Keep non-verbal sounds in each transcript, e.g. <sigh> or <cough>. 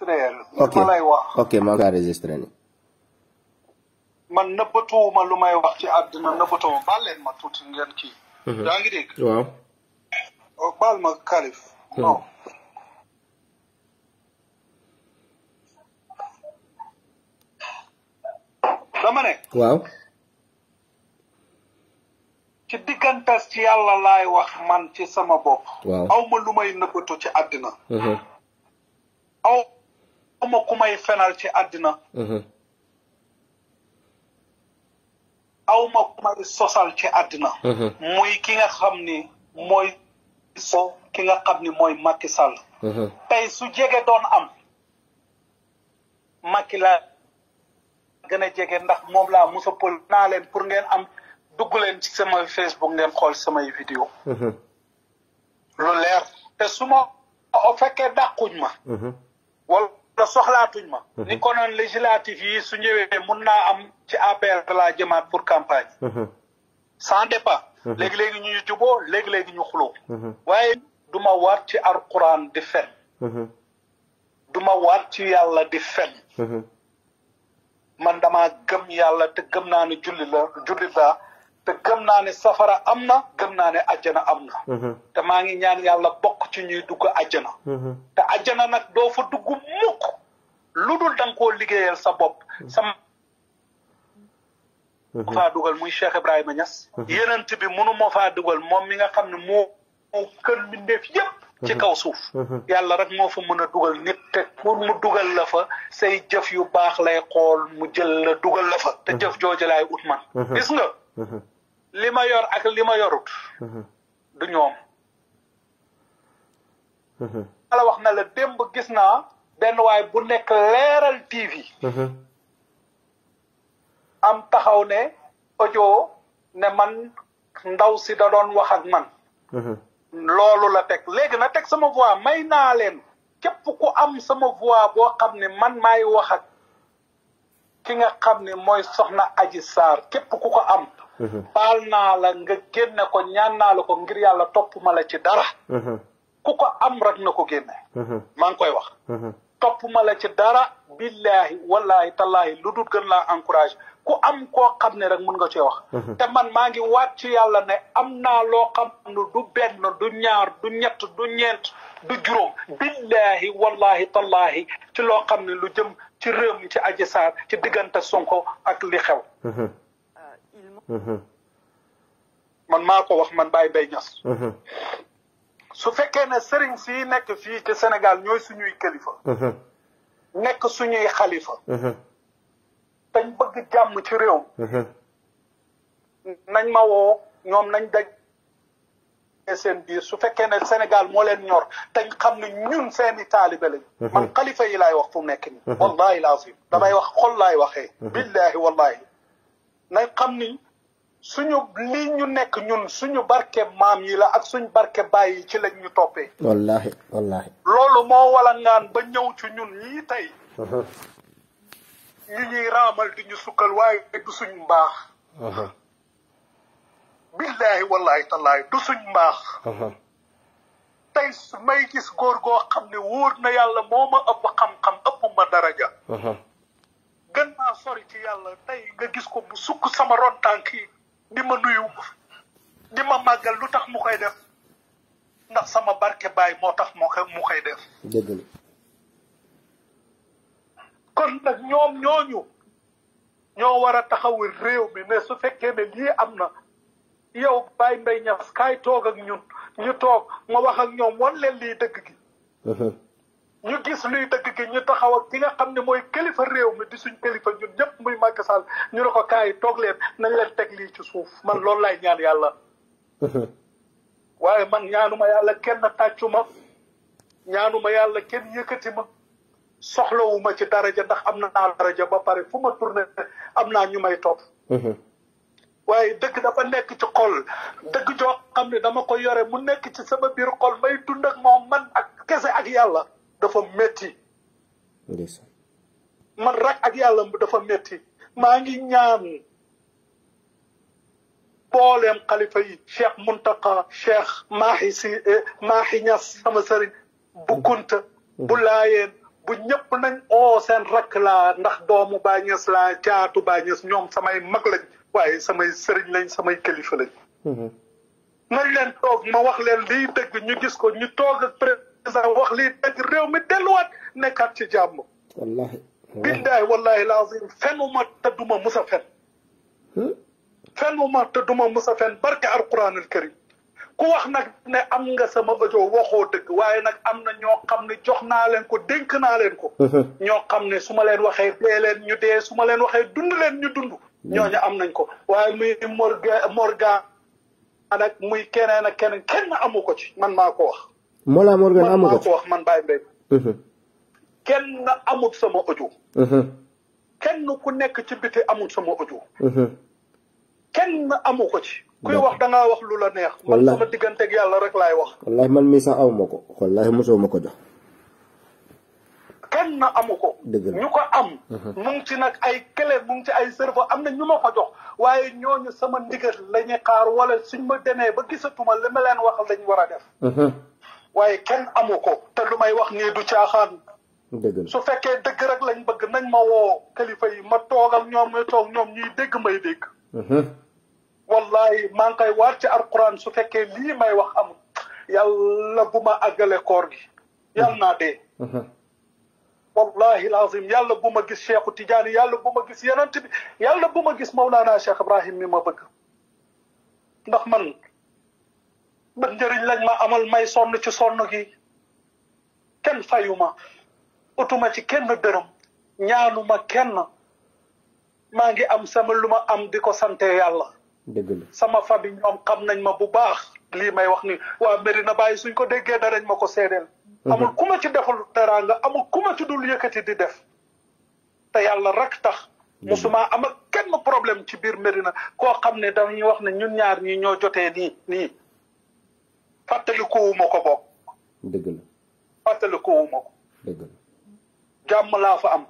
ok ok maa ngi enregistré ni man nëbbatuwuma lu may wax ci àddina nëbbatuwuma baal leen ma tuuti ngeen kii. Mhm. daa ngi dégg. waaw. baal ma Kalif. Mhm. non. waaw. ci diggantes ci yàlla laay wax man ci sama bopp. waaw aw ma lu may nëbbatu ci àddina. Mhm. aw. xawma ku may fenal ci àddina mhm. awma ku may sosal ci àddina mhm. muy ki nga xam ni mooy so ki nga xam ni mooy Macky Sall mhm. su jege doon am Macky laa gën a jege ndax moom laa musa pël naa leen pour ngeen am dugg leen ci sama Facebook ngeen xool samay vidéo lu leer te su ma fekkee dàquñ ma wala la soxlaatuñ ma ni konoon législative yi su ñëwee mun naa am ci APR laa jëmaat pour campagne sans départ léegi-léegi ñu juboo léegi-léegi ñu xuloo waaye du ma waat ci alquran di fen du ma waat ci yàlla di fen man damaa gëm yàlla te gëm naa ne julli la julli laa te naa ne safara am na gëm naa ne ajjana am na mhm. te maa ngi ñaan yàlla bokk ci ñuy dugg ajjana mhm. te ajjana nag doo fa dugg mukk lu dul da koo liggéeyal sa bopp mhm. sama faa dugal muy Cheikh Ibrahima Niass yenent bi mënu moo faa dugal moom mi nga xam ne moo moo kën mbindeef yépp ci kaw suuf yàlla rek moo fa mën a dugal nit te pour mu dugal la fa say jëf yu baax lay xool mu jël la dugal la fa te jëf jooju laay ut nga li ma yor ak li ma yorut uh-huh. du ñoom uh-huh. ala wax na la démb gis naa benn waay bu nekk leeral TV uh-huh. am taxaw ne audio ne man ndaw si da doon wax ak man loolu la teg léegi na teg sama voix may naa leen képp ku am sama voix boo xam ne man maay wax ki nga xam ne mooy soxna Adji Sarr képp ku ko am Mhm. baal naa la nga génne ko ñaan naa la ko ngir yàlla topp ma la ci dara mhm. ku ko am rek na ko génne mhm. maa ngi koy wax topp ma la ci dara billahi wallahi tallahi lu dul gën laa ku am koo xam ne rek mun nga cee wax te man maa ngi waat ci yàlla ne am na loo xam ne du benn du ñaar du ñett du ñeent du juróom billahi wallahi tallahi ci loo xam ne lu jëm ci réew mi ci aji saar ci diggante sonko ak li xew man maa ko wax man bay bay ñass su fekkee ne sëriñ si nekk fii ci Sénégal ñooy suñuy kilifa. nekk suñuy xalifa. dañ bëgg jàmm ci réew. nañ ma woo ñoom nañ daj seen biir su fekkee ne Sénégal moo leen ñor tañ xam ne ñun seeni taalibe lañ. man xalifa yi laay wax fu mu ni wallahi wallaahi laasim damay wax xol laay waxee. billahi wallahi nañ xam ni. suñu lii ñu nekk ñun suñu barke maam yi la ak suñu barke bàyyi ci lañ ñu toppee. wallaahi wallaahi. loolu moo wala ngaan ba ñëw ci ñun ñii tey. Uh-huh. ñu ñuy raamal di ñu sukkal waaye du suñ mbaax. Uh-huh. billaahi wallaahi tallaahi du suñ mbaax. Uh-huh. tey may gis góor goo xam ne wóor na yàlla moo ma ëpp xam-xam ëpp ma daraja. gën maa sori ci yàlla tey nga gis ko bu sukk sama ron tànk yi. di ma nuyu di ma màggal lu tax mu koy def ndax sama barke baay moo tax mu koy mu koy def. kon nag ñoom ñooñu ñoo war a taxawu réew mi ne su fekkee ne lii am na yow Baye Mbaye Niass kaay toog ak ñun ñu toog ma wax ñoom wan leen li dëgg gi. ñu gis luy dëgg gi ñu taxaw ak ki nga xam ne mooy kilifa réew mi di suñ kilifa ñun ñëpp muy Macky Sall ñu ne ko kaay toog leen nañ leen teg lii ci suuf man loolu laay ñaan yàlla. <laughs> waaye man ñaanuma yàlla kenn tàccu ma ñaanuma yàlla kenn yëkkati ma soxlawuma ci daraja ndax am na naa daraja ba pare fu ma tourné am naa ñu may toog mhm. waaye dëgg dafa nekk ci xol dëgg joo xam ne dama ko yore mu nekk ci sama biir xol may dund moom man ak kese ak yàlla. dafa metti man rak ak yàlla dafa metti maa ngi ñaan xalifa yi cheikh muntaka cheikh maaxi si eh, maaxi sama sëriñ bu kunta bu laayeen bu ñëpp nañ oo seen rak laa ndax doomu baa ñes laa caatu baa ñes ñoom samay mag lañ waaye samay sëriñ lañ samay lañ mhm. nañ leen toog ma wax leen dëgg ñu gis ko ñu toog ak sax wax lii dëgg réew mi delluwaat nekkaat ci jàmm. wallaahi. billahi wallahi laazim fenuma tëdduma musa fen. Hmm? fenuma tëdduma musa fen barke alquran al karim ku wax nag ne am nga sama audio waxoo dëgg waaye nag am na ñoo xam ne jox naa leen ko dénk naa leen ko. Hmm. ñoo xam ne su ma leen waxee dee leen ñu dee su ma leen waxee dund leen ñu dund. Hmm. ñooñu am nañ ko waaye muy Morgan Morgan nag muy keneen ak keneen kenn amu ko ci man maa ko wax. Mollah Morgun amu ko man maa ko wax man Baye Mbaye. Mhm. kenn amut sama audio. Mhm. kenn ku nekk ci biti amut sama audio. Mhm. kenn amu ko ci. kuy wax da ngaa wax lu la neex. man sama digganteeg yàlla rek laay wax. wallaahi man mii sax aw ma ko wallaahi mosoo ma ko jox. kenn amu ko. ñu ko am. mu ci nag ay clé mu ci ay serveur am na ñu ma ko jox waaye ñooñu sama ndigal la ñuy xaar wala suñ ma demee ba gisatuma li ma leen wax lañ war a def. waaye kenn amu ko te lu may wax nii du caaxaan. su fekkee dëgg rek lañ bëgg nañ ma woo kilifa yi ma toogal ñoom ñuy toog ñoom ñu dégg may dégg. Mhm. wallahi maa ngi koy waar ci alquran su fekkee lii may wax amul yàlla bu ma àggale koor gi yàlla naa dee. Mhm. wallahi lazim yàlla bu ma gis Cheikhu Tidiane yàlla bu ma gis yenan bi yàlla bu ma gis Mawlana Cheikh Ibrahim mi ma bëgg ndax man. ban njëriñ lañ ma amal may sonn ci sonn gi kenn fayuma utuma ci kenn dërëm ñaanuma kenn maa ngi am sama lu ma am di ko sante yàlla dëgg sama famille ñoom xam nañ ma bu baax lii may wax ni waa Medina Baye suñ ko déggee darañ ma ko seedeel mhm. amul ku ma ci deful teraanga amul ku ma ci dul yëkkati di def te yàlla rek tax musuma am ak kenn problème ci biir Medina koo xam ne dañuy wax ne ñun ñaar ñi ñoo jotee nii nii fàttalikuwuma ko bokk. dëgg la. fàttalikuwuma ko. dëgg la. jàmm laa fa am.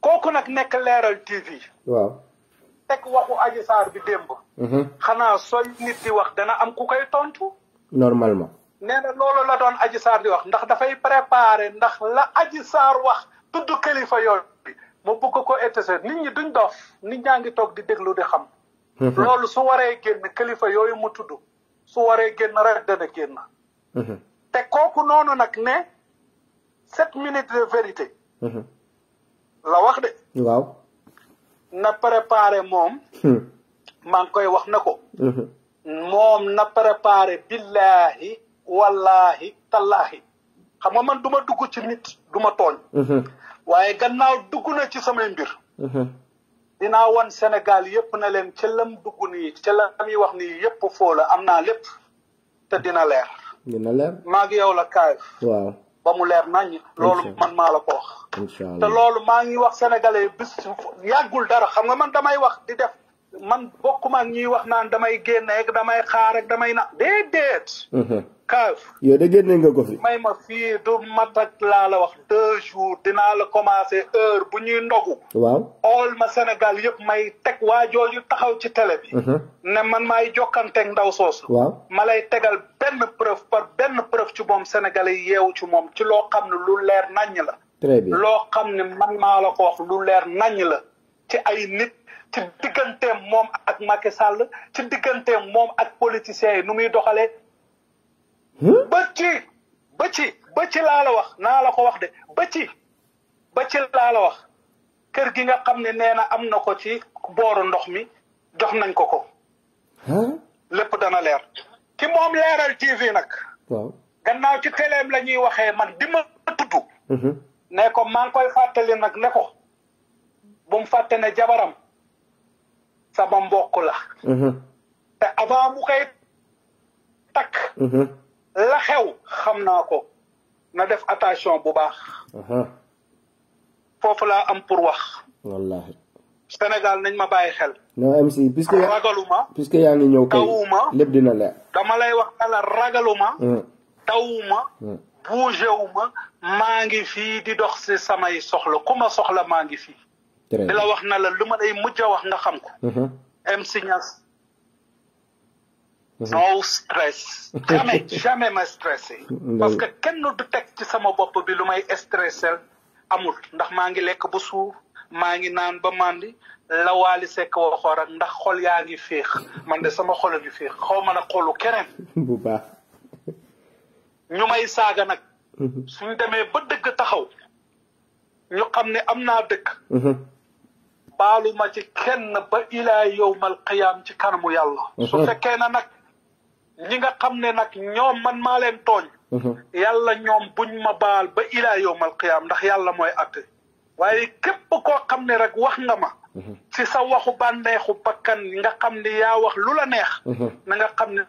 kooku nag nekk leeral TV. waaw. teg waxu Adji Sarr bi démb. xanaa sooy nit di wax dana am ku koy tontu. normalement. nee na loolu la doon Adji Sarr di wax ndax dafay préparer ndax la Adji saar wax tudd kilifa yoon bi mu bëgg ko étese nit ñi duñ dof nit ñaa ngi toog di déglu di xam. loolu su waree génn kilifa yooyu mu tudd. su waree génn rek dana génn mhm. te kooku noonu nag ne sept minutes de vérité mhm. la wax de waaw na préparé moom hmm. maa ngi koy wax na ko mhm. moom na préparé billaahi wallaahi tallaahi xam nga man duma ma dugg ci nit duma ma tooñ waaye gannaaw dugg na ci samay mbir dinaa wan Sénégal yëpp na leen ca lam dugg nii ca la muy wax nii yëpp foo la am na lépp te dina leer. dina leer yow la kaay. ba mu leer nañ. loolu man maa la ko wax. te loolu maa ngi wax sénégalais bis yàggul dara xam nga man damay wax di def man bokkuma ak ñiy wax naan damay génn damay xaar ak damay na déedéet. Mhm. kaas. yow de génne nga ko fi. may ma fii du mat laa la wax deux jours dina la commencé heure bu ñuy ndogu. waaw xool ma Sénégal yëpp may teg waa jooju taxaw ci télé bi. Uh-huh. ne man maay jokkanteeg ndaw soosu. waaw ma lay tegal benn preuve par benn preuve ci moom sénégalais yeewu ci moom ci loo xam ne lu leer naññ la. très bien loo xam ne man maa la ko wax lu leer naññ la ci ay nit. ci digganteem moom ak Macky Sall ci digganteem moom ak politiciens yi nu muy doxalee ba ci ba ci ba ci laa wax naa la ko wax de ba ci ba ci laa wax kër gi nga xam ne nee na am na ko ci booru ndox mi jox nañ ko ko lépp dana leer ki moom leeral TV nag waaw gannaaw ci teleem la ñuy waxee man di ma tudd uh-huh. ne ko maa ngi koy fàttali nag ne ko bu mu fàtte ne jabaram sama mbokk la uh-huh. te avant mu koy takk uh-huh. la xew xam naa ko na def attention bu baax. foofu laa am pour wax. wallaahi. Sénégal nañ ma bàyyi xel. non MC puisque. ragaluma puisque yaa ngi ñëw kay tawuma lépp dina leer. dama lay wax dala ragaluma. tawuma. bougé wu ma maa ngi fii di dox si samay soxla ku ma soxla maa ngi fii. di la wax na la lu ma lay mujj a wax nga xam ko. MC Niass. Mhm. no stress jamais <laughs> jamais ma parce que kenn du teg ci sama bopp bi lu may stressé amul ndax maa ngi lekk ba suur maa ngi naan ba màndi la waali sekk waxoon ndax xol yaa ngi féex man sama xol a ngi féex xaw ma nag xolu keneen bu baax ñu may saaga nag mhm. suñ demee ba dëgg taxaw ñu xam ne am naa dëkk mhm. baalu ma ci kenn ba ilaa yowmal qiyaam ci kanamu yàlla su fekkee na nag ñi nga xam ne nag ñoom man maa leen tooñ mhm. yàlla ñoom buñ ma baal ba ilaa yowmal qiyaam ndax yàlla mooy atte waaye képp koo xam ne rek wax nga ma mhm. ci sa waxu bànneexu bakkan nga xam ne yaa wax lu la neex mhm. na nga xam ne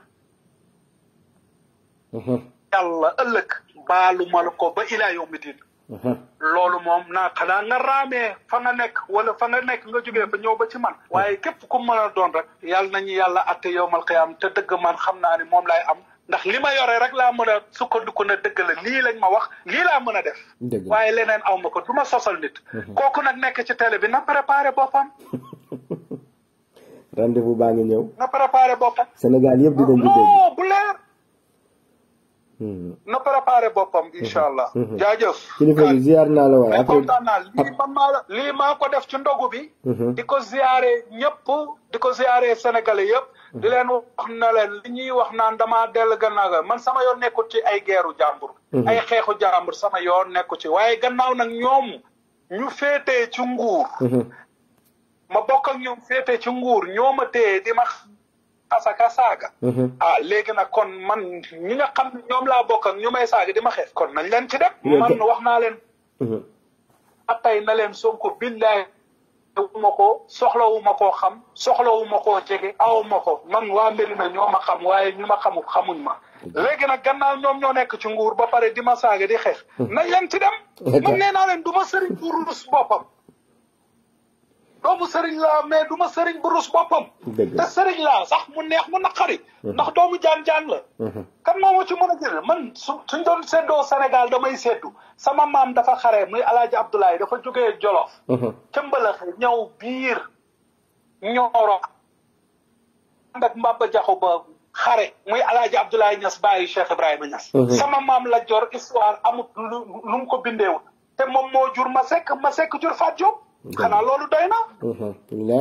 yàlla ëllëg baalu ma la ko ba ilaa yowmi diin Mhm. loolu moom naa xanaa nga raamee fa nga nekk wala fa nga nekk nga jógee fa ñëw ba ci man mhm. waaye képp ku mën a doon rek yàlla nañu yàlla atte yowmal qiyaam te dëgg man xam naa ne moom laay am ndax li ma yore rek laa mën a sukka sukkandiku na dëgg la lii lañ ma wax lii laa mën a def waaye leneen am ma ko du ma sosal nit mhm. kooku nag nekk ci télé bi na préparé boppam <laughs> rendez-vous baa ngi ñëw na préparé boppam Sénégal yëpp dinañ oh, bu leer Mm-hmm. na préparé boppam mm-hmm. incha allah. Mm-hmm. jaajëf. kilifa bi ziar naa la waay après maa la def ci ndogu bi. di ko ziaree ñëpp di ko ziaree sénégalais yëpp. di leen wax na leen li wax naan dama dell dellu gannaaw man sama yoon nekkul ci ay geeru jàmbur. ay xeexu jàmbur sama yoon nekku ci waaye gannaaw nag ñoom ñu féete ci nguur. ma bokk ak ñoom féetee ci nguur ñoo ma té di asaka saaga mhm. ah léegi nag kon man ñi nga xam ñoom laa bokk ak ñu may saaga di ma xeex kon nañ leen ci dem man wax naa leen mhm. atay na leen Sonko billaay uma ko soxlawuma koo xam soxlawuma koo jege awuma ko man waa mbiri na ñoo ma xam waaye ñu ma xamul xamuñ ma léegi nag gannaaw ñoom ñoo nekk ci nguur ba pare di ma saaga di xeex mhm. nañ leen ci dem man nee naa leen du ma sëriñ pour rus boppam doomu sëriñ la mais duma ma sëriñ bu rus boppam te sëriñ la sax mu neex mu naqari mhm. ndax doomu jaan-jaan la mhm. kan moo ma ci mën a jël man su suñ doon seddoo Sénégal damay seddu sama maam dafa xare muy alaaji Abdoulaye dafa jógee Jolof mhm. ca mbalax ñëw biir ñooro ànd ak Mbaba Jaxu ba xare muy alaaji Abdoulaye ñas bàyyi Cheikh Ibrahima ñas sama maam la jor histoire amut lu mu ko bindeewul te moom moo jur ma sekk ma sekk jur Faat xanaa loolu doy na. Mhm.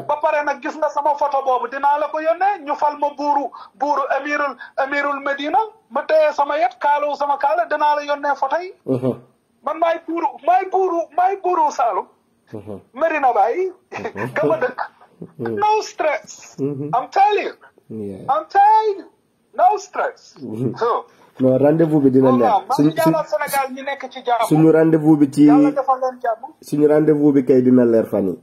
ba pare nag gis nga sama photo boobu dinaa la ko yónnee ñu fal ma buuru buuru amirul amirul Medina ma téye sama yet kaalu sama kaala dinaa la yónnee photo yi. Mhm. man maay buuru maay buuru maay buuru Saalum. Mhm. Medina Baye. gama dëkk. no stress. I'm telling you. I'm telling no stress. non rendez-vous bi dina neex suñu suñu rendez-vous bi ci suñu rendez-vous bi kay dina leer fan yi.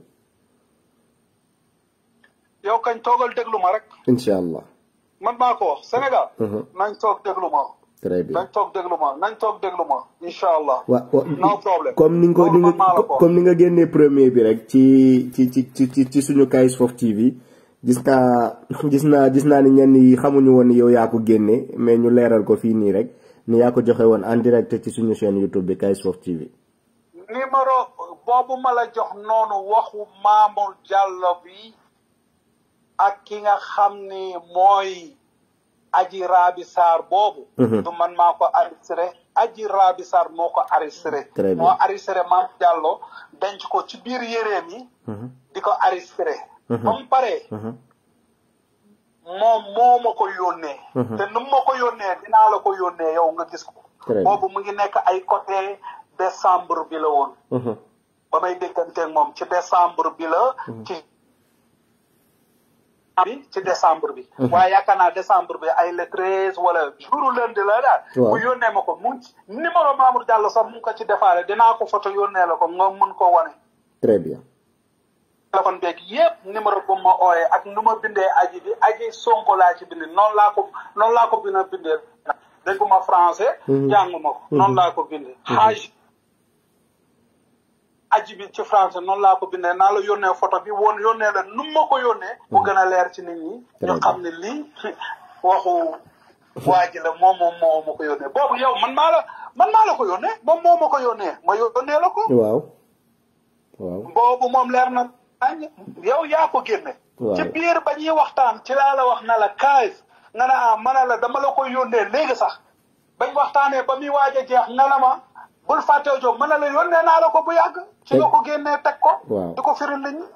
yow kañ toogal déglu ma rek. incha allah. man maa ko wax uh-huh. ma. très bien nañ toog déglu ma nañ toog déglu ma incha allah. no problème comme ni nga ko comme ni nga génnee premier bi rek ci ci ci ci ci suñu Kayz Fof TV. gis naa gis naa gis naa ni ñenn yi xamuñu woon yow yaa ko génne mais ñu leeral ko fii nii rek ni yaa ko joxe woon en direct ci suñu seen YouTube bi Kayz Fof TV. numéro boobu ma jox noonu waxu Mamour Diallo bi ak ki nga xam ni mooy aji Rabi boobu. Mhm. du man maa ko enregistré aji Rabi moo ko enregistré. moo enregistré Mamour Diallo denc ko ci biir yéreem yi. Mhm. di ko enregistré. ba mu paree. Mm-hmm. moom moo ma ko yónnee. Mm-hmm. te nu ma ko yónnee dinaa la ko yónnee yow nga gis ko. boobu mu ngi nekk ay côté décembre bi la woon. Mm-hmm. ba may dégganteeg moom ci décembre bi la. ci bi ci décembre bi. waaye yaakaar naa décembre bi ay le treize wala jour lundi la daal. mu yónnee ma ko mu numéro Mamour Diallo sax mu ngi ko ci defaale dinaa ko photo yónnee la ko nga mën koo wane. très bien. téléphone beeg yépp numéro bu ma ooyee ak nu ma bindee aji bi aji sonko laa ci bindee noonu laa ko noonu laa ko bina bindee dégguma français mm-hmm. jànguma ko mm-hmm. noonu laa ko bindee xaaj mm-hmm. aji bi ci français noonu laa ko bindee naa la yónnee photo bi woon yónnee la nu ko yónnee bu gën a leer ci nit ñi ñu xam ne lii <laughs> waxu waa ji moom moom ma ko yónnee boobu yow man maa la ko yónnee boobu moom leer na añ yow yaa ko génne ci biir ba yi waxtaan ci laa la wax na la kaayis nga na ah ma ne la dama la koy yónnee léegi sax bañ waxtaanee ba muy waaj a jeex nga ne ma bul fàttee jóg ma ne la yónnee naa la ko bu yàgg ci nga ko génnee teg ko di ko firil nit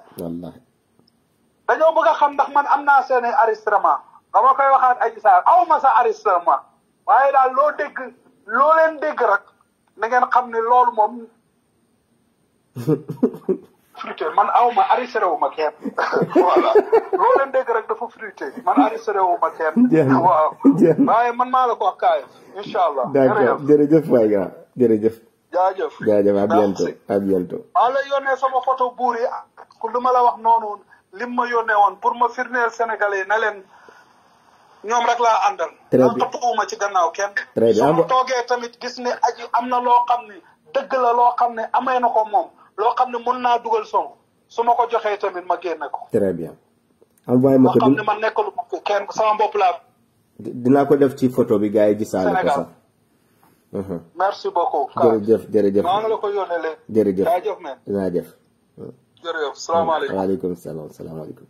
dañoo bëgg a xam ndax man am naa seeni enregistrement dama koy waxaat aji saar awma sax sa enregistrement waaye daal loo dégg loo leen dégg rek na ngeen xam ne loolu moom <laughs> fruité man aw ma arrêté wu ma kenn <laughs> voilà loo leen rek dafa fruité man arisere wu ma kenn waaw waaye man mala ko akay inshallah incha allah d'accord jërëjëf waay gaa jërëjëf jaajëf jaajëf à bientôt a bientôt ala yone sama photo bourri yi luma la wax noonu lim ma yone won pour ma firnel sénégalais na len ñom rek laa àndal man toppuma ci gannaaw ken très bien tamit gis ne aji amna lo xamni deug la lo xam amay nako mom loo xam ne mën naa dugal Sonko su ma ko joxee tamit ma génne ko. très bien. envoyé ma ko xam ne man nekkalu ma kenn sama bopp laa. dinaa ko def ci photo bi gars yi gisaale ko sax. merci beaucoup. jërëjëf jërëjëf maa ngi la ko yónnee léegi. jërëjëf jaajëf men jaajëf. jërëjëf salaamaaleykum waaleykum salaam salaamaaleykum.